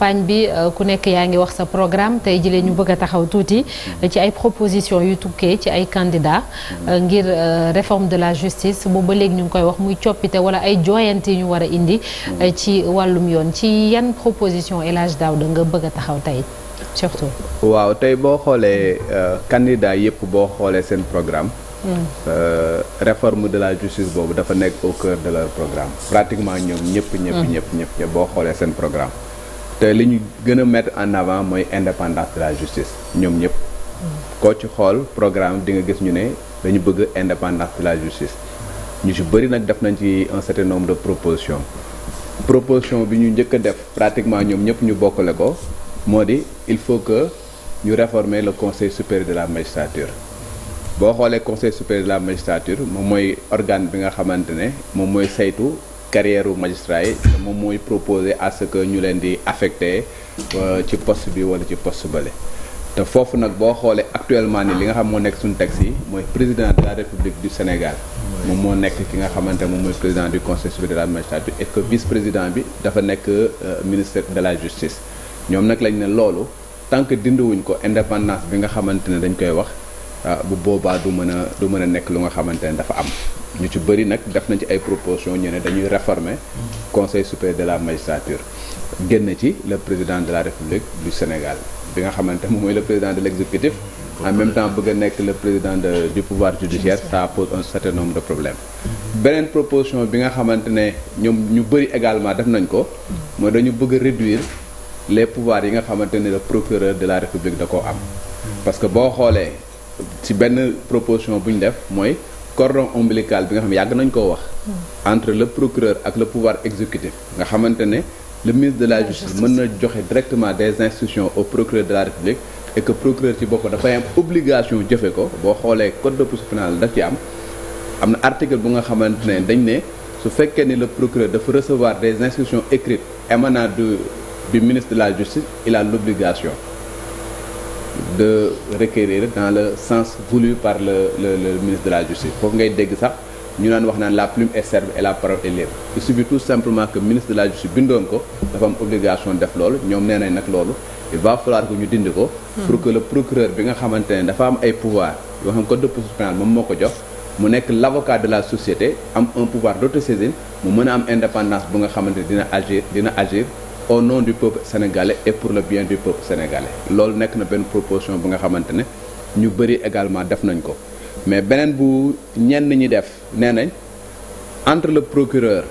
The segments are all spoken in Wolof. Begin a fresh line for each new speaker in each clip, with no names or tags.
campagne bi euh, ku nekk yaa ngi wax sa programme tey jii ñu bëgg a taxaw tuuti mm-hmm. ci ay propositions yu tukkee ci ay candidats mm-hmm. euh, ngir euh, réforme de la justice boobu ba léegi ñu ngi koy wax muy coppite wala ay jooyante yu ñu war a indi mm-hmm. ci wàllum yoon ci yan proposition El Hadj Daouda nga bëgg a taxaw tey surtout.
waaw tey boo xoolee candidat yëpp boo xoolee seen programme. Mm. réforme de la justice boobu dafa nekk au cœur de leur programme pratiquement ñoom ñëpp ñëpp mm. ñëpp ñëpp boo xoolee seen programme te li ñu gën a mettre en avant mooy indépendance de la justice ñoom ñëpp koo ci xool programme di nga gis ñu ne dañu bëgg indépendance de la justice ñu ci bëri nag def nañ ci un certain nombre de propositions proposition bi ñu njëkk def pratiquement ñoom ñëpp ñu bokkale ko moo di il faut que ñu réformer le conseil supérieur de la magistrature boo xoolee conseil supérieur de la magistrature moom mooy organe bi nga xamante ne moom mooy saytu carrière u magistrat yi moom mooy proposer à ce que ñu leen di affecté euh, ci post bi wala ci poste bële te foofu nag boo xoolee actuellement ni li nga xam moo nekk suñ texte yi mooy président de la république du Sénégal moom moo nekk ki nga xamante moom mooy président du conseil supérieur de la magistrature et que vice président bi dafa nekk euh, ministre de la justice ñoom nag lañ ne loolu tant que dindiwuñ ko indépendance bi nga xamante ne dañ koy wax Ah, bu boobaa du mën a du mën a nekk lu nga xamante ne dafa am ñu ci bëri nag def nañ ci ay proposition ñu ne dañuy réformer conseil supérieur de la magistrature génn ci le président de la république du Sénégal bi nga xamante moom mooy le président de l'exécutif en même temps bëgg a nekk le président de du pouvoir judiciaire ça pose un certain nombre de problème beneen proposition bi nga xamante ne ñoom ñu bëri également def nañ ko mooy dañu bëgg a réduire yi nga xamante ne le procureur de la république da koo am parce que boo xoolee ci benn proposition bu ñu def mooy cordon ombilical bi nga xam ne yàgg nañ koo wax. entre le procureur ak le pouvoir exécutif nga xamante ne. le ministre de la justice mën na joxe directement des instructions au procureur de la république et que procureur ci boppam dafay am obligation jëfe ko boo xoolee code de procédure pénale daf ci am am na article bu nga xamante ne dañ ne su fekkee ni le procureur dafa recevoir des instructions écrites émanant du du ministre la justice il a de requérir dans le sens voulu par le le, le ministre de la justice foofu ngay dégg sax ñu naan wax naan la plume est serve et la parole est libre il suffit tout simplement que ministre de la justice bindoon ko dafa am obligation def loolu ñoom nee nañ nag loolu il va falloir que ñu dindi ko pour que le procureur bi nga xamante ne dafa am ay pouvoir yoo xam ko de procédure pénale moom moo ko jox mu nekk l'avocat de la société am un pouvoir d'autosaisine mu mën a am indépendance bu nga xamante ne dina agir dina agir au nom du peuple sénégalais et pour le bien du peuple sénégalais loolu nekk na benn proposition bu nga xamante ne ñu bëri également def nañ ko mais beneen bu ñenn ñi def nee nañ entre le procureur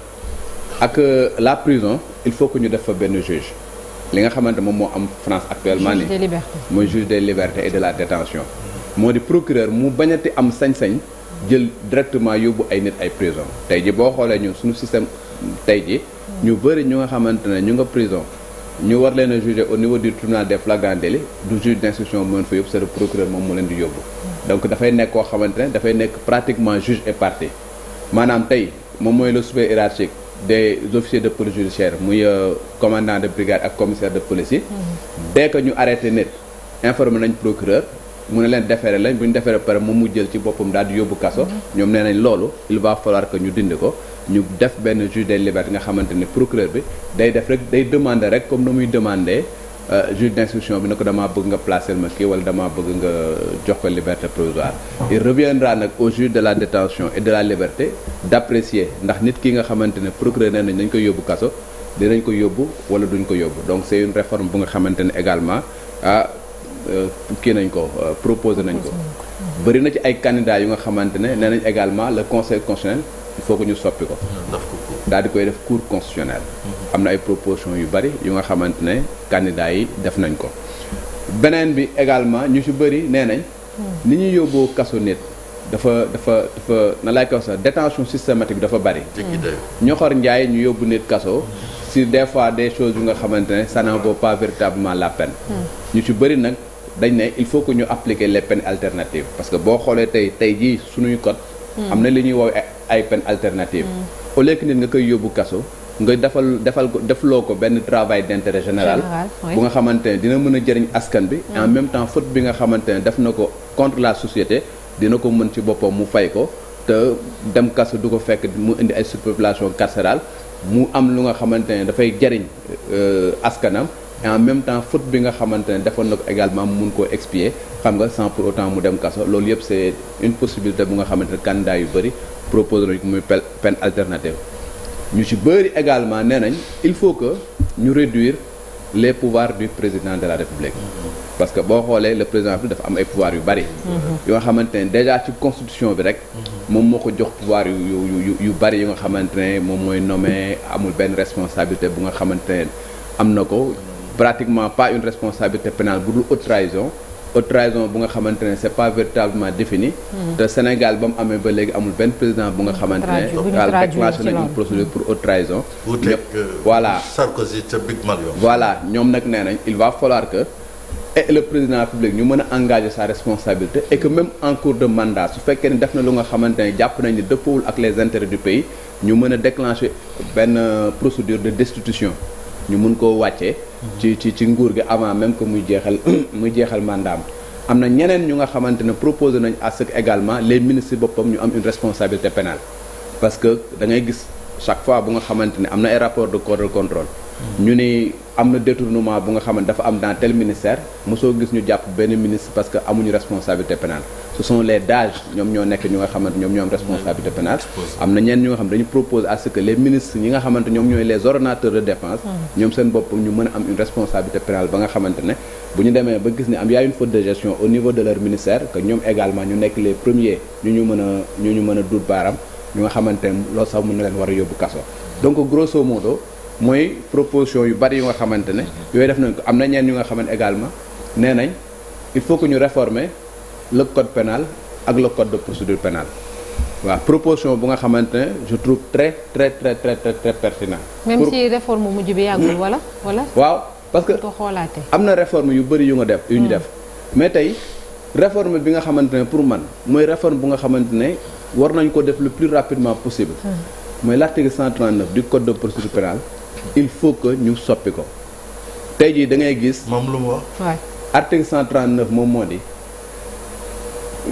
ak euh, la prison il faut que ñu def fa benn juge li nga xamante moom moo am France actuellement nii mooy juge des libertés et de la détention moo di procureur mu bañati am sañ-sañ jël directement yóbbu ay nit ay prison tey ji boo xoolee ñun suñu système tey ji ñu bëri ñu nga xamante ñu nga prison ñu war leen a jugé au niveau du tribunal des flagrants délits du juge d' instruction moo leen fa yóbbu c'est le procureur moom moo leen di yóbbu juge et moom mooy le supérieur hiérarchique des officiers de police judiciaire muy euh, commandant de brigade ak commissaire de police yi
mm-hmm.
dès que ñu arrêté nit informé nañ procureur mu ne leen defere lañ bu ñu defere pare moom mu jël ci boppam daal di yóbbu kaso mm-hmm. ñoom nee loolu il va falloir ñu dindi ko ñu def benn juge des libertés nga xamante ne procureur bi day def rek day demande rek comme nu muy demander euh, juge d'instruction bi na ko damaa bëgg nga placer ma kii wala damaa nga jox ko liberté provisoire il reviendra nag au juge de la détention et de la liberté d'apprécier ndax nit ki nga xamante ne procureur nee nañ dañ koy yóbbu kaso dinañ ko yóbbu wala duñ ko yóbbu donc c'est une réforme bu nga xamante ne également ah euh, kii euh, nañ ko proposé nañ ko bëri na ci ay candidats yu nga xamante ne nee nañ également la conseil constitutionnel il faut ñu soppi ko daal di koy def cour constitutionnel mhm. am na ay propositions yu bari yu nga xamante ne candidats yi def nañ ko beneen bi également ñu ci bëri nee nañ mhm. ni ñuy yóbboo kaso nit dafa dafa na lay kaw sax détention systématique dafa bari mhm. ñoxor njaay ñu yóbbu nit kaso si des fois des choses yu nga xamante ne ça n'en vaut pas véritablement la peine ñu ci bëri nag dañ ne il faut que ñu appliquer les peines alternatives parce que boo xoolee tey tey jii suñuy code am na li ñuy woowe ay peine alternative mm. au lieu que nit nga koy yóbbu kaso nga defal defal ko defloo ko benn travail d' intérêt général bu nga xamante ne dina mën a jëriñ askan bi mm. en même temps faute bi nga xamante ne def na ko contre la société dina ko mën ci boppam mu fay ko te dem kaso du ko fekk mu indi ay surpopulation carcérale mu am lu nga xamante ne dafay jëriñ euh, askanam et en même temps faute bi nga xamante ne defoon na ko également mun koo expier xam nga sans pour autant mu dem kaso loolu yëpp c' est une possibilité bu nga xamante ne candidat yu bëri proposé nañ ko muy peine alternative ñu ci bëri également nee nañ il faut que ñu réduire les pouvoirs du président de la république parce que boo xoolee le président bi dafa am ay pouvoir yu bari yu nga xamante ne déjà ci constitution bi rek moom moo ko jox pouvoir yu yu yu bari yu nga xamante ne moom mooy nommé amul benn responsabilité bu nga xamante ne am na ko pratiquement pas une responsabilité pénale bu dul haute trahison haute trahison bu nga xamante ne c'est pas véritablement défini hmm. te Sénégal ba mu amee ba léegi amul benn président bu nga xamante ne daal déclenché nañ une procédure pour haute trahison voilà Sarkozy ca voilà ñoom nag nee nañ il va falloir que et le président de la République ñu mën a engagé sa responsabilité et que même en cours de mandat su fekkee ni def na lu nga xamante ne jàpp nañ ne dëppawul ak les intérêts du pays ñu mën a déclencher benn procédure de destitution ñu mun koo wàccee. ci ci ci nguur gi avant même ko muy jeexal muy jeexal mandaam am na ñeneen ñu nga xamante ne proposé nañ à que également les ministres boppam ñu am une responsabilité pénale parce que da gis chaque fois bu nga xamante ne am na ay rapport de corps control ñu ni am na détournement bu nga xam ne dafa am dans tel ministère mosoo gis ñu jàpp benn ministre parce que amuñu responsabilité pénale ce sont les DAGE ñoom ñoo nekk ñu nga xamante ñoom ñoo am responsabilité pénale am na ñenn ñu nga xam dañu propose à ce que les ministres ñi nga xamante ñooy les ordonnateurs de dépense hmm. ñoom seen bopp ñu mën a am une responsabilité pénale ba nga xamante ne bu ñu demee ba gis ne am yaa une faute de gestion au niveau de leur ministère que ñoom également ñu nekk les premiers ñu ñu mën a ñu ñu mën a duut baaram ñu nga xamante ne loolu sax mën leen war a yóbbu kaso donc grosso modo mooy proposition yu bari yu nga xamante ne mhm. yooyu def nañ ko am na ñeen yu nga xamante également nee nañ il faut que ñu réformer le code pénal ak le code de procédure pénale waaw proposition bu nga xamante ne je trouve très très très très très très pertinent même si
réforme mujj bi yàggul hmm. wala wala
waaw parce que am na reforme yu bëri yu nga def yu ñu hmm. def mais tey réforme bi nga xamante ne pour man mooy réforme bu nga xamante ne war nañ ko def le plus rapidement possible hmm. mooy l'article 139 du code il faut que ñu soppi ko tey jii dangay gis. moom lu mu wax. article 139 moom moo di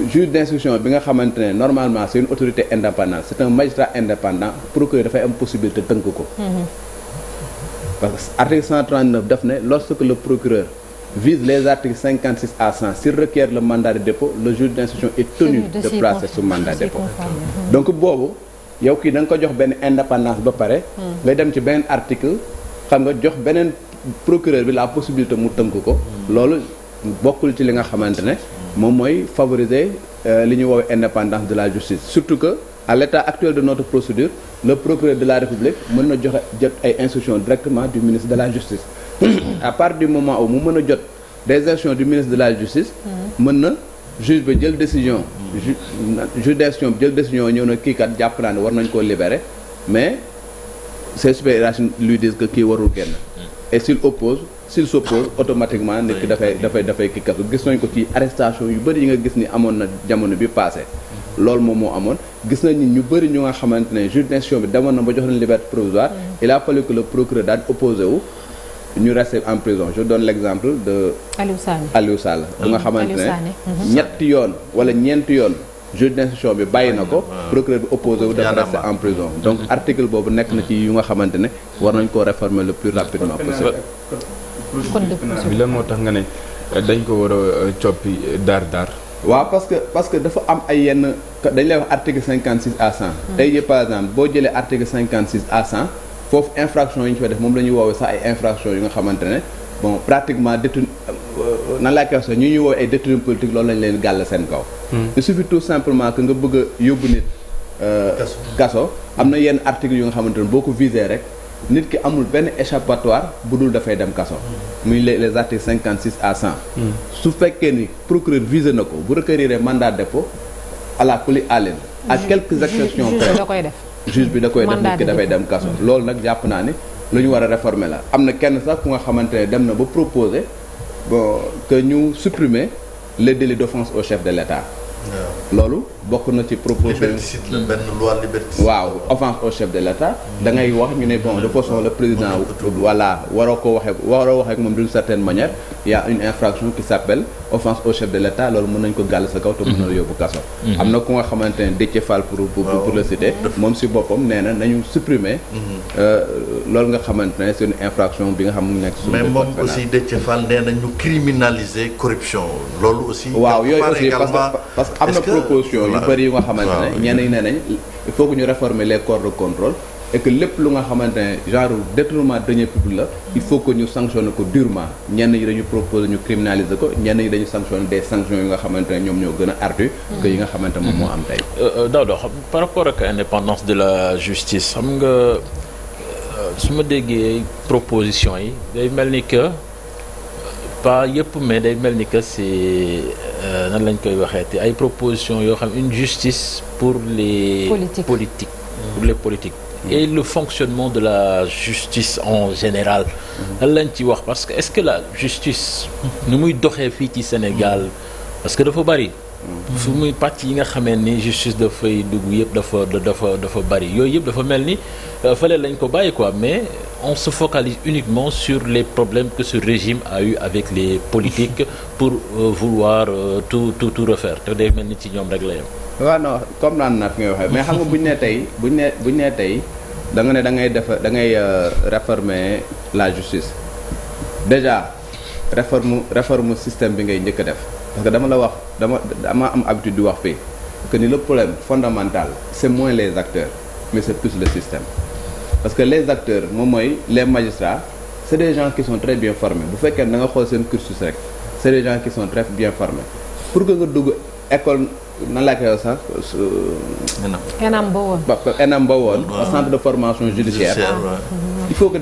juge d'instruction bi nga xamante ne normalement c'est une autorité indépendante c'est un magistrat indépendant procureur dafay am possibilité tënk ko.
Mm-hmm.
parce que article def daf loo lorsque le procureur vise les articles 56 à 100 s'il requiert le mandat de dépôt le juge d'instruction est tenu de placer ce mandat de donc boobu. yow kii da nga ko jox benn indépendance ba pare. Hmm. ngay dem ci beneen article xam nga jox beneen procureur bi la possibilité mu tënk ko. Hmm. loolu bokkul ci li nga xamante ne. moom mooy favoriser euh, li ñuy woowee indépendance de la justice surtout que. à l'état actuel de notre procédure le procureur de la république mën na joxe jot ay instructions directement du ministre de la justice hmm. à partir du moment où mu mën a jot des instructions du ministre de la justice mën na juge bi jël décision. ju juridiction bi jël décision ñëw na kii kat jàpp naa ne war nañ koo libérer mais ses supérieurs lui disent que kii warul génn. Mm. et s'il oppose s'il s'oppose automatiquement nit ki dafay dafay dafay kii kat gis nañ ko ci arrestation yu bëri yi nga gis ni amoon na jamono bi passé mm-hmm. loolu moom moo amoon gis nañ ñu bëri ñu nga xamante ne juridiction bi demoon na ba jox leen liberté provisoire mm-hmm. il a fallu que daal opposé wu. ñu resté en prison je donne l' exemple de. Aliou Sall Aliou ah. nga xamante mhm. ñetti yoon wala ñeenti yoon. juge d'instruction bi bàyyi na ko ah. procureur bi opposé wu dafa resté en prison ah. donc article boobu nekk na ci yu nga xamante ne war nañ koo réformer le plus rapidement possible bi lan moo tax nga ne dañ ko war a euh, coppi euh, daar daar waaw parce que parce que dafa am ay yenn dañ lay wax article cinquante six à cent hmm. tey jii par exemple boo jëlee article cinquante foofu infraction yi ñu fa def moom la ñuy woowee sax ay infraction yu nga xamante ne bon pratiquement détenu nan laa koy waxee ñu ñuy woowee ay détenu politique lool lañ leen gàll seen kaw. il suffit tout simplement que nga bëgg a yóbbu nit. kaso am na yenn article yu nga xamante ne boo ko visé rek. nit ki amul benn échappatoire bu dul dafay dem kaso. muy les les articles cinquante six à cent. su fekkee ni procureur visé na ko bu requérir mandat de dépôt à la culi allen. ak quelques exceptions près juge bi da koy def nit ki dafay dem kaso loolu nag jàpp naa ne lu ñu war a réformer la am na kenn sax ku nga xamante ne dem na ba proposer bon que ñu supprimer le délit d'offense au chef de l'État loolu bokk na ci proposition liberticide
la benn loi liberticide
waaw offense au chef de l' état. da ngay wax ñu ne bon de façon le président. voilà waroo ko waxee waroo waxee moom d' une certaine manière. y' une infraction qui s' appelle au chef de l' état loolu mën nañ ko gàll sa kaw. te mën na yóbbu kaso. Mhm. am na ku nga xamante ne Déthié Fall pour pour pour moom si boppam nee nañu supprimer. Mhm. Euh, loolu nga xamante ne c' est une infraction bi nga xam mu nekk. suñu
na ñu criminaliser corruption loolu aussi. waaw
am na proposition yu bëri yu nga xamante ne ñenn ñi ne il faut que ñu réformer les corps de contrôle et que lépp lu nga xamante ne genre de deniers publics la il faut que ñu sanctionne ko durement ñenn ñi dañu proposer ñu criminaliser ko ñenn ñi dañu sanctionne des sanctions yi nga xamante ne ñoom ñoo gën a ardu que yi nga xamante moom moo am tey
euh, euh, Daouda par rapport ak indépendance de la justice xam nga euh, su ma déggee proposition yi day mel pas yëpp mais day mel ni que c'est euh, nan lañ koy waxee te ay propositions yoo xam une justice pour les Politique. politiques mm. pour les politiques mm. et le fonctionnement de la justice en général mm. lan lañ ci wax parce que est-ce que la justice nu muy doxee fii ci Sénégal parce que dafa bari su muy pàcc yi nga xamee ni justice dafay dugg yëpp dafa dafa dafa bari yooyu yëpp dafa mel ni euh, fële lañ ko bàyyi quoi mais on se focalise uniquement sur les problèmes que ce régime a eu avec les politiques pour euh, vouloir euh, tout tout refaire te day mel ni ci ñoom rek la yem.
waaw non comme naan na fi ngay waxee mais xam nga bu ñu nee tey bu ne nee bu ñu nee tey danga ne da ngay def da ngay euh, réformer la justice déjà réforme réforme système bi ngay njëkk a def. parce que dama la wax dama dama am habitude di wax fii que ni le problème fondamental c'est moins les acteurs mais c'est plus le système parce que les acteurs moom mooy les magistrats c'est des gens qui sont très bien formés bu fekkee na nga xool seen cursus rek c'est des gens qui sont très bien formés pour que nga dugg école na laa koy wax sax. Euh, ENAM ba woon. ENAM ba woon. centre de formation judiciaire. il faut que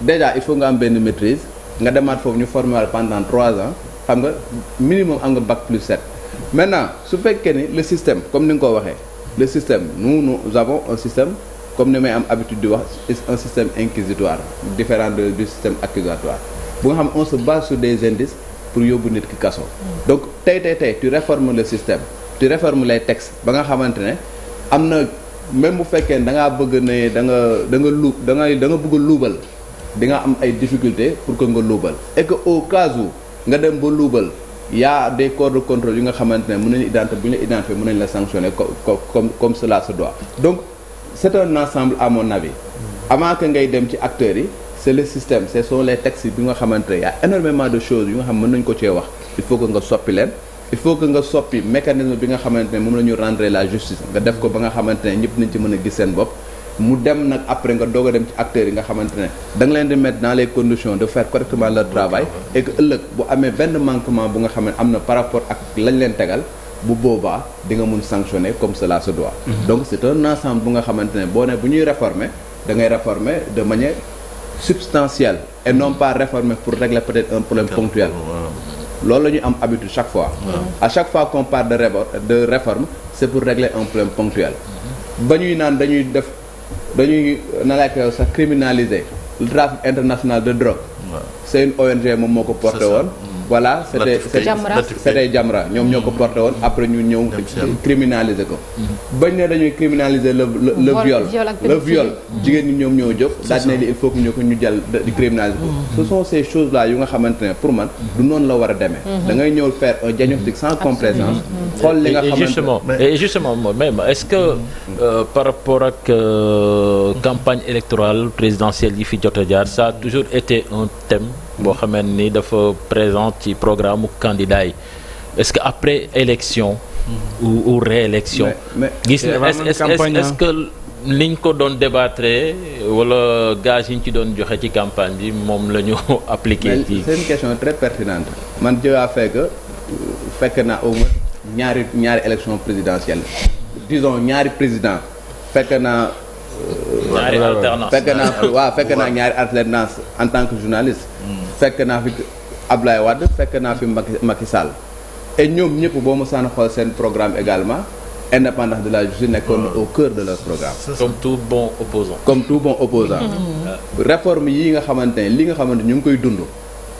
déjà il faut nga am benn maîtrise nga demaat foofu ñu former xam nga minimum am nga bac plus 7 maintenant su fekkee ni le système comme ni nga ko waxee le système nous nous avons un système comme ni may am habitude di wax un système inquisitoire différent de du système accusatoire bu nga xam on se base su des indices pour yóbbu nit ki kaso. donc tey tey tey tu réformes le système tu réformes les textes ba nga xamante ne am na même bu fekkee ne da ngaa bëgg ne da nga da nga luub da nga da nga bëgg a luubal di nga am ay difficultés pour que nga luubal nga dem ba luubal y a des corps de contrôle yu nga xamante ne mën nañu identifier bu ñu la identifier mën nañu la sanctionner comme comme cela se doit donc c'est un ensemble à mon avis avant que ngay dem ci acteurs yi c'est le système ce sont les textes bi nga xamante ne y a énormément de choses yu nga xam mën nañu ko cee wax il faut que nga soppi leen il faut que nga soppi mécanisme bi nga xamante ne moom la ñu rendre la justice nga def ko ba nga xamante ne ñëpp nañ ci mën a gis seen bopp mu dem nag après nga doog a dem ci acteurs yi nga xamante ne da leen di mettre dans les conditions de faire correctement leur travail et que ëllëg bu amee benn manquement bu nga xam am na par rapport ak lañ leen tegal bu boobaa di nga mun sanctionner comme cela se doit mhm. donc c'est un ensemble bu nga xamante ne boo ne bu ñuy réformer da ngay réformer de manière substantielle et non pas réformer pour régler peut-être un problème ponctuel loolu la ñu am habitude chaque fois à chaque fois qu'on parle de de réforme c'est pour régler un problème ponctuel
mhm.
ba ñuy naan dañuy na laay ko sax criminaliser le trafic de drogue. c'est ONG moom moo ko porté woon. Mm. voilà c'était c'était Jamra ñoom ñoo ko porte woon après ñu ñëw criminaliser ko mhm. bañ ne dañuy criminaliser le le viol le mhm. jigéen ñi ñoom ñoo jóg daal ne li il faut ñu ko ñu jàll di criminaliser ko mhm. ce sont là yu nga xamante ne pour man du noonu la war a demee dangay ñëw faire un diagnostic sans complaisance xool li nga xamante justement
et justement même est-ce que euh, par rapport ak euh, campagne électorale présidentielle yi fi jot jaar ça a toujours été un thème boo xamee ni dafa présent ci programme candidat yi est-ce que après élection mm-hmm. ou, ou réélection gis na est liñ ko doon débattre wala gaz yi ñu ci doon joxe ci campagne bi moom lañu ñu appliqué ci c'est une
question très pertinente man jowaa fekk fekk na au moins ñaari ñaari élection présidentielle disons ñaari président fekk na euh, ñaari alternance fekk naa ñaari alternance en tant que journaliste mm. fekk naa fi Ablaye Wade fekk naa fi Macky Macky Sall et ñoom ñëpp boo mu saan xool seen programme également indépendance de la justice nekkoon au cœur de leur programme. comme tout bon opposant comme tout bon opposant mm-hmm. Mm-hmm. Euh, réforme yi nga xamante ne li nga xamante ñu ngi koy dund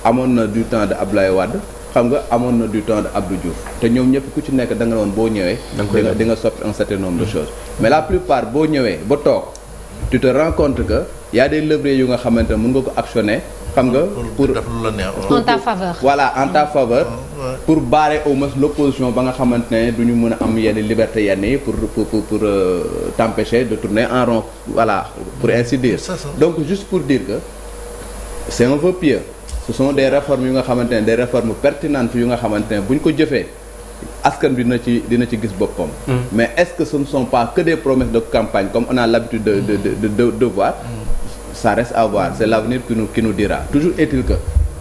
amoon na du temps de Ablaye Wade xam nga amoon na du temps de Abdou Diouf te ñoom ñëpp ku ci nekk da nga woon boo ñëwee. da di nga soppi un certain nombre de mm-hmm. choses. mais la plupart boo ñëwee ba toog tu te rends compte a des leviers nga xamante ne mën nga ko actionner. xam nga pour en ta faveur. voilà en ta mm. faveur. Mm, pour barrer au moins l' opposition ba nga xamante ne du ñu mën a am yenn liberté yenn yi pour pour pour, pour euh, t' empêcher de tourner en rond voilà pour ainsi dire. donc juste pour dire que c' est un vœu pieux. ce sont des réformes yu nga xamante ne des réformes pertinentes yu nga xamante ne bu ko jëfee askan bi dina ci dina ci gis boppam. Mm. mais est ce que ce ne pas que des promesses de comme on a l'habitude de de de ça reste à voir c' est l' avenir qui nous qui nous toujours est-il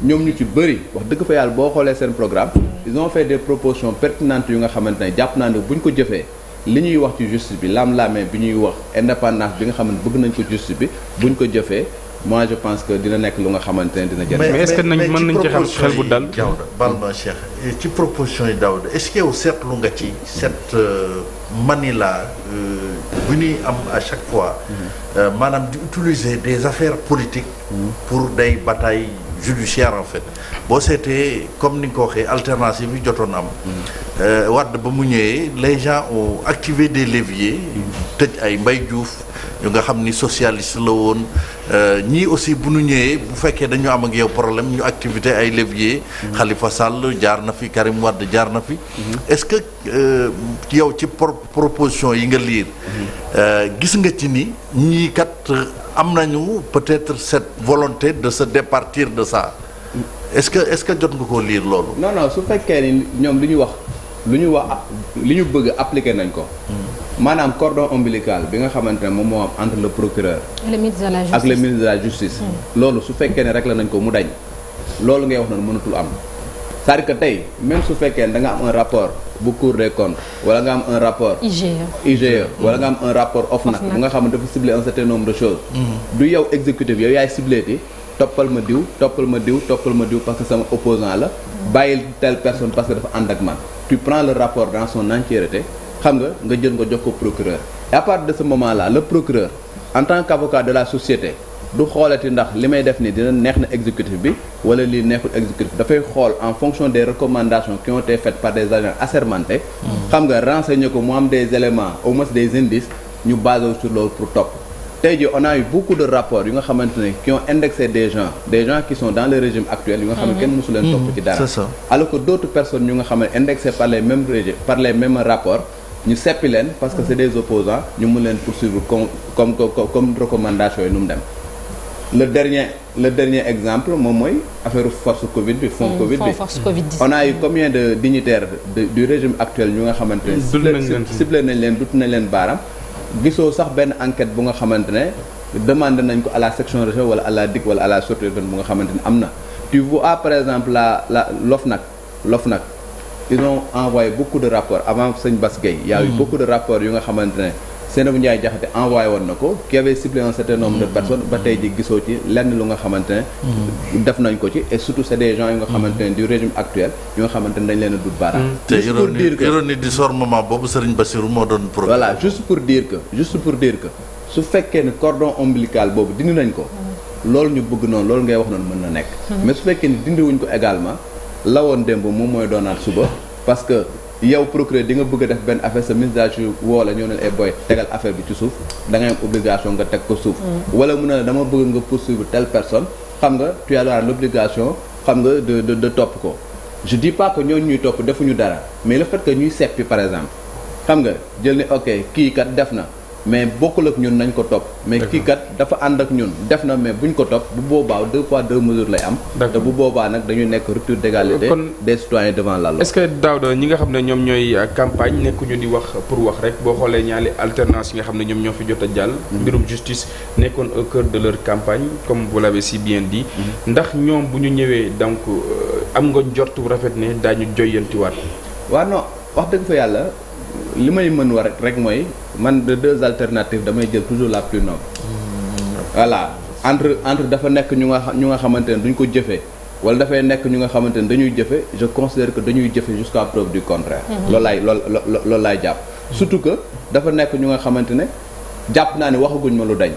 ñoom ñu ci bëri wax dëgg fa yàlla boo xoolee seen programme ils ont fait des propositions pertinentes yu nga xamante ne jàpp naa ne bu ñu ko jëfee li ñuy wax ci justice bi laam-laamee bi ñuy wax indépendance bi nga xam ne bëgg nañ ko justice bi buñ ko jëfee mois je pense que dina nekk lu nga xamante ne dina jëriñ. mais est-ce que nañ mën nañ ci xam xel bu dal. Daouda
bal ma Cheikh ci proposition yi Daouda est-ce que yow seetlu nga ci. cette euh, manie-là euh, bu ñuy am à chaque fois. Mm-hmm. Euh, maanaam di utiliser des affaires politiques. Mm-hmm. pour des batailles. judiciaire en fait boo seetee comme ni nga ko waxee alternance bi jotoon am. Euh, Wàdd ba mu ñëwee les gens ont activé des leviers. tëj ay mbay Diouf yu nga xam ni socialiste la woon euh, ñii aussi bu nu ñëwee bu fekkee dañu am ak yow problème ñu activité ay leviers. xalifa Sall jaar na fi Karim Wade jaar na fi. est-ce que euh, yow ci proposition yi nga liir. gis nga ci ni ñii kat. am nañu peut-être cette volonté de se départir de ça est-ce que est-ce que jot nga ko liir loolu. non non su fekkee ni ñoom lu ñuy wax lu ñuy wax li ñu
bëgg appliquer nañ ko. Hmm. maanaam cordon ombilical bi nga xamante ne moom moo am entre le procureur. le ministre de la justice ak hmm. loolu su fekkee ne la nañ ko mu dañ. loolu ngay wax noonu mënatul am. cest que tey même su fekkee da nga am un rapport bu cour des comptes wala nga am un rapport. IGE IGE wala nga am un rapport OFNAC bu nga xam ne dafa ciblé un certain nombre de choses. Mm-hmm. du yow exécutif yow yaay ciblé ti toppal ma diw toppal ma diw toppal ma diw parce que sama opposant la. bàyyil telle personne parce que dafa ànd ak man. tu prends le rapport dans son entièreté xam nga nga jël nga jox ko procureur. et à partir moment la le procureur en tant qu'avocat de la société. du xoolati ndax li may def ni dina neex na exécutif bi wala lii neexul exécutif dafay xool en fonction des recommandations qui ont été faites par des agents assermentés xam nga renseigner ko mu am des éléments au moins des indices ñu basé wu sur loolu pour topp tey jii on a eu beaucoup yu nga xamante ne qui des gens des dans le régime actuel yu nga xam ne mhm. kenn mosu leen topp ci dara alors que d'autres personnes yu nga xam ne indexées par les leen parce que c'est des opposants ñu mun leen poursuivre comme comme comme mu dem le dernier le dernier exemple moom mooy affaire force Covid bi. fonds mm, Covid bi force Covid on a eu combien de dignitaires du régime actuel ñu nga xamante ne. ciblé nañ leen dut nañ leen baaram. gisoo sax benn enquête bu nga xamante ne demandé nañ ko à la section région wala à la DIC wala à la sûreté urbaine bu nga xamante ne am na. tu vois ah, par exemple la la l'OFNAC l'OFNAC ils ont envoyé beaucoup de rapport avant sëñ Bass Gueye. y a eu mm. beaucoup de nga xamante ne. Seynabou Ndiaye Diakhaté envoyé woon na ko qui avait ciblé un certain nombre de personnes ba tey ji gisoo ci lenn lu nga xamante ne mm. def nañ ko ci et surtout c'est des gens yu nga mm. xamante ne du régime actuel yu nga xamante ne leen dut baaraam mm. juste pour dire que juste pour dire que su fekkee ne cordon ombilical boobu dindi nañ ko loolu ñu bëgg noonu loolu ngay wax noonu mën na nekk mais su fekkee ne dindiwuñ ko également lawoon démb moom mooy doonaat suba parce que yow procureur di bëgg a def benn affaire sa ministre de la justice woo la ñëw ne ay eh boy tegal affaire bi ci suuf da ngay am obligation nga teg ko suuf. Mm. wala mu ne la dama bëgg nga poursuivre telle personne xam nga tu as l' obligation xam nga de de topp ko. je dis pas que ñooñu ñuy topp defuñu dara mais le fait que ñuy seppi par exemple xam nga jël ne ok kii kat def na. mais bokkul ak ñun nañ ko topp mais kii kat dafa ànd ak ñun def na mais buñ ko topp bu boobaa deux poids deux mesures lay am te bu boobaa nag dañu nekk rupture d'égalité des citoyens devant la loi est-ce que Daouda ñi nga xam ne ñoom ñooy campagne nekkuñu di wax pour wax rek boo xoolee ñaari alternance yi nga xam ne ñoom ñoo fi jot a jàll mhm. mbirum justice nekkoon au cœur de leur campagne comme vous l'avez si bien dit mhm. ndax ñoom bu ñu ñëwee donc euh, am nga njortu rafet ne daañu joyantiwaat waaw non wax dëgg li may mën war rek mooy man de deux alternatives damay jël toujours la plus noble voilà entre entre dafa nekk ñu nga ñu nga xamante ne duñ ko jëfee wala dafay nekk ñu nga xamante ne dañuy jëfe je considère que dañuy jëfe jusqu'à preuve du contraire mhm. loolu laay loolu loolu laay jàpp surtout que dafa nekk ñu nga xamante ne jàpp naa ne waxaguñ ma lu dañ.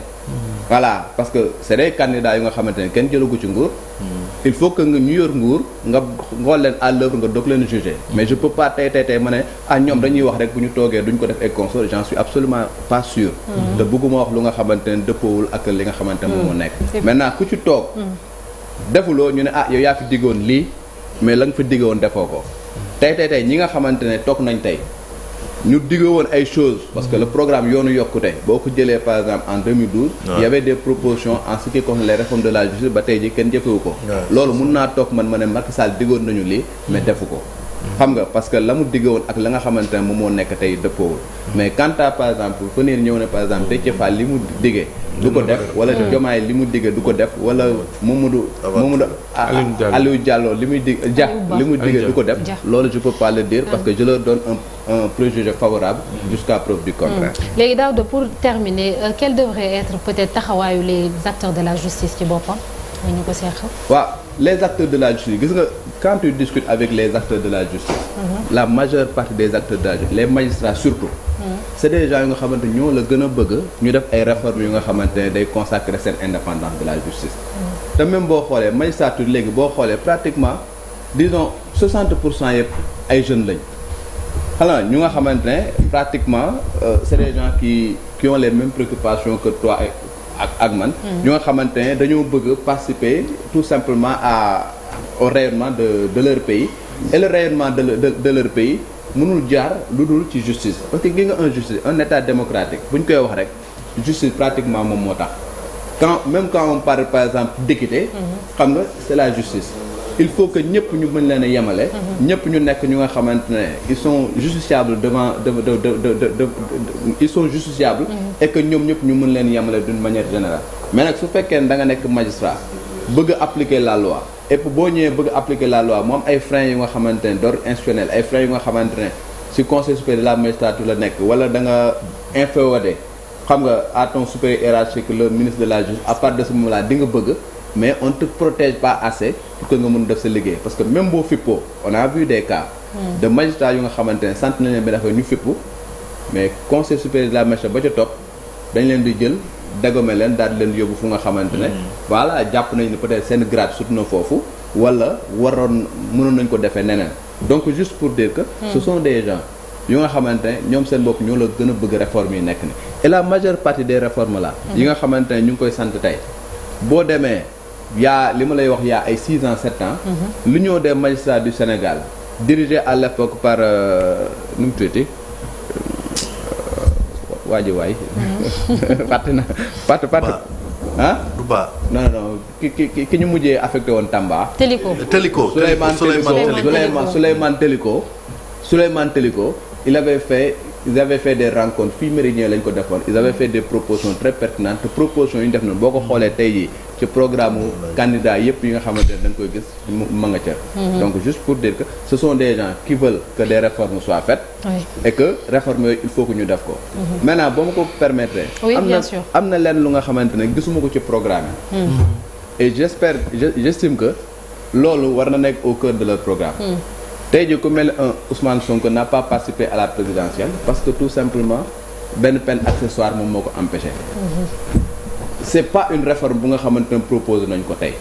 voilà parce que c'est des candidats yu nga xamante ne kenn jëlagu ci nguur. Hmm. il faut que nga ñu yor nguur nga xool leen à l'œuvre nga doog leen juger. Hmm. mais je peux pas tey tey tey ma ne ah ñoom dañuy wax rek bu ñu toogee duñ ko def ay console j'en suis absolument pas sûr. Hmm. te bëgguma wax lu nga xamante ne dëppoowul ak li nga xamante ne moom moo nekk. maintenant ku ci toog. defuloo ñu ne ah yow yaa fi diggoon lii mais la nga fa diggoon defoo ko. tey tey tey ñi nga xamante ne toog nañ tey. ñu digge woon ay choses parce que le programme yoonu yokkute boo ko jëlee par exemple en 2012 il y avait des propositions en ce qui concerne les de la justice ba tey ji kenn jëfewu ko loolu mun naa toog man ma ne Macky Sall diggoon nañu lii mais defu ko xam nga parce que la mu diggoon ak la nga xamante ne moom moo nekk tey dëppoowul mais quant par exemple fenir ñëw ne par exemple Déthié Fall li mu diggee du ko def wala Diomaye li mu diggee du ko def ah, li muy dig Dia li mu diggee du ko def loolu je peux pas le parce ah. que je leur donne un un préjugé favorable jusqu'à preuve du contraire hmm.
léegi daaw de pour terminer euh, quel devrait être peut-être taxawaayu les acteurs de la justice ci boppam ñu ko seex
les acteurs de la justice gis nga quand tu discutes avec les acteurs de la justice. Mhm. la majeure partie des acteurs de la justice les magistrats surtout. Mhm. c' est des gens yu nga xamante ñoo la gën a bëgg ñu def ay réformes yu nga xamante ne day consacrer seen indépendance de la justice.
Mhm.
te même boo xoolee magistrature léegi boo xoolee pratiquement disons 60 pour cent yëpp ay jeunes lañ. xanaa ñu nga xamante ne pratiquement euh, c' est des gens les mêmes préoccupations que toi ak ak man. Hmm. ñu nga xamante ne dañoo bëgg participer tout simplement à au rayonnement de de leur pays. et le rayonnement de de de leur pays mënul jaar lu dul ci justice parce que gi nga un justice un état démocratique bu ñu koy wax rek justice pratiquement moom moo tax quand même quand on parle par exemple d'équité. Hmm. xam nga c'est la justice. il faut que ñëpp ñu mën leen a yemale. Mhm. ñëpp ñu nekk ñu nga xamante ne ils sont justiciables devant de de de de ils sont mhm. ñoom ñëpp ñu mën leen yemale d'une manière générale. mais nag su fekkee ne danga nekk magistrat bëgg appliquer la loi et boo ñëwee bëgg appliquer la loi moom ay freins yu nga xamante ne d'ordre institutionnel ay freins yu nga xamante ne si conseil supérieur de la magistrature la nekk wala da nga inféodé xam nga à ton supérieur hiérarchique le ministre de la justice à part de ce moment di nga bëgg. mais on te protège pas assez pour que nga mën def sa liggéey parce que même boo fippoo on a vu des cas hmm. de magistrats yu nga xamante ne sant nañ leen benn affaire ñu fippu mais conseil supérieur de la magistrature ba ca topp dañ leen di jël dagome leen daal di leen yóbbu fu nga xamante ne hmm. voilà jàpp nañ ne peut-être seen grade sut na foofu wala waroon mënoon nañ ko defee neneen donc juste pour dire que hmm. ce sont des gens yu nga xamante ne ñoom seen bopp ñoo la gën a bëgg réforme yi nekk ni et la majeure partie des réformes là yi nga xamante ne ñu ngi koy sant tey boo demee yaa li ma lay wax yaa ay 6 ans 7 lu mhm. l'union des magistrats du Sénégal dirigée à l'époque par euh, nu mu tuddati euh, waaji waay. Mhm. fàtte na fàtte fàtte. ah Duba. non non ki ki ki ñu mujjee affecté woon Tamba. Téliko Téliko Souleymane Téliko Souleymane Téliko Souleymane Téliko il avait fait. ils avaient fait des rencontres fii Méridien lañ ko defoon ils avaient mhm. fait des propositions très pertinentes propositions yu ñu def noonu boo ko xoolee tey jii ci programme candidat yëpp yi nga xamante ne da nga koy gis ma nga ca mhm. donc juste pour dire que ce sont des qui veulent que des réformes soient faites et que réformes yooyu il faut que ñu def ko mhm. maintenant ba ma ko permettre am na am na lenn lu nga xamante ne gisuma ko ci programme yi mhm. et j'espère j'estime que loolu war na nekk au cœur de leur programme tey jii ku mel un Ousmane Sonko n'a pas participé à la présidentielle parce que tout simplement benn peine accessoire moom moo c'est pas une réforme bu nga xamante ne proposé nañ ko tey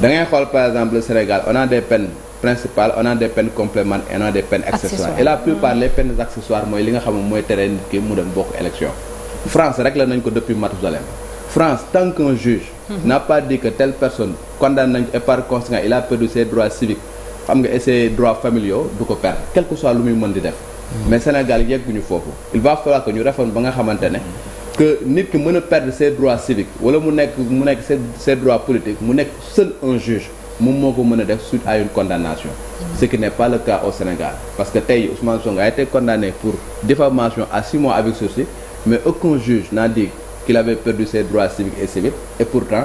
da ngay xool par exemple le Sénégal on a des peines principales on a des peines complémentaires on a des peines accessoires et la plupart mm. les peines accessoires mooy li nga xam mooy tere nit mu dem bokk élection France rek la nañ ko depuis Mathusalem France tant qu'un juge mm-hmm. n'a pas dit que telle personne condamne nañ et par conséquent il a perdu ses droits civiques xam nga essayé droits familiaux du ko perdre quel que di def mm. mais Sénégal yegguñu foofu il va falloir que ñu réforme ba nga xamante ne mm. que nit ki mën a perd ses droits civiques wala mu nekk mu nekk ses ses droits politiques mu nekk seul un juge moom moo ko mën a def suite à une condamnation ce qui n'est pas le cas au Sénégal parce que tey Ousmane Sonko a été condamné pour diffamation à simon mois avec sursis mais aucun juge n'a dit qu'il avait perdu ses droits civiques et civils et pourtant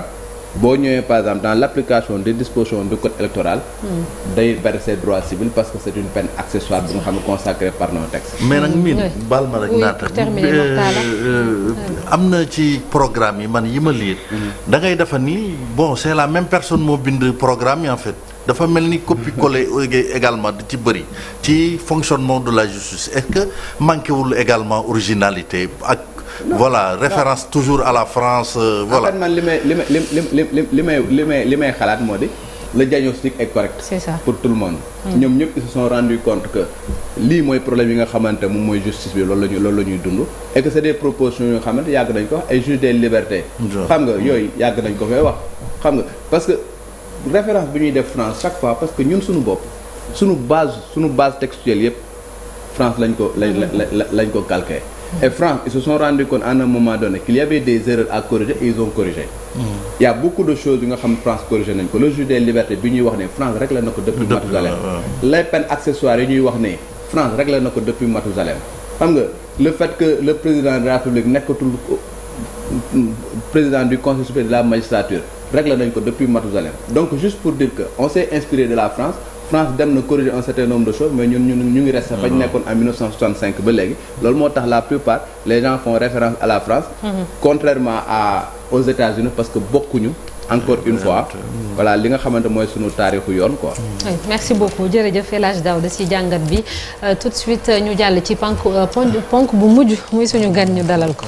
boo ñëwee par exemple dans l' application des dispositions du code électoral. Hmm. day verser droit civil parce que c' est une peine accessoire bu nga xam ne par nos textes. mais nag miin
baal ma rek naata euh, euh, am na ci programme yi man yi ma lii hmm. da ngay defa ni bon c' est la même personne moo bind programme yi en fait. dafa mel ni copie collé hmm. euh, également di ci bëri ci fonctionnement de la justice est que manqué wul également originalité ak. voilà référence toujours à la France euh, voilà. man li may li may li may li may li may xalaat moo di la diagnostic est correct. c'est
ça pour tout le monde. Hmm. ñoom ñëpp ils se sont rendu compte que lii mooy problème yi nga xamante moom mooy justice bi loolu la ñuy loolu la ñuy dund. et que c'est des propositions xamante yàgg nañ ko wax ay juge des libertés. xam nga yooyu yàgg nañ ko fay wax. xam nga parce que référence bi ñuy def France chaque fois parce que ñun suñu bopp suñu base suñu base textuelle yëpp France lañ ko lañ lañ lañ ko calqué. Et France, ils se sont rendus compte à un moment donné qu'il y avait des erreurs ils ont corrigé. Il y a de choses yu nga xam France corrigé nañ ko le juge des bi ñuy wax ne France réglé na ko depuis Mathusalem les peines accessoires yi ñuy wax ne France réglé na ko depuis Mathusalem xam nga le fait que le président de la République nekkatul président du conseil supérieur de la magistrature réglé nañ ko depuis Mathusalem donc juste pour dire que de la France France dem na corriger un certain nombre de choses mais ñun ñun ñu ngi resté fañ nekkoon en ba léegi loolu moo tax la plupart les gens font référence à la France mm-hmm. contrairement à aux États-Unis parce que bokkuñu encore une fois voilà li nga xamante mooy sunu taarixu yoon quoi. Mm-hmm.
merci beaucoup jërëjëf El Hadj Daouda si jàngat bi euh, tout de suite euh, ñu jàll ci euh, ponk ponk bu mujj muy suñu gan ñu dalal ko.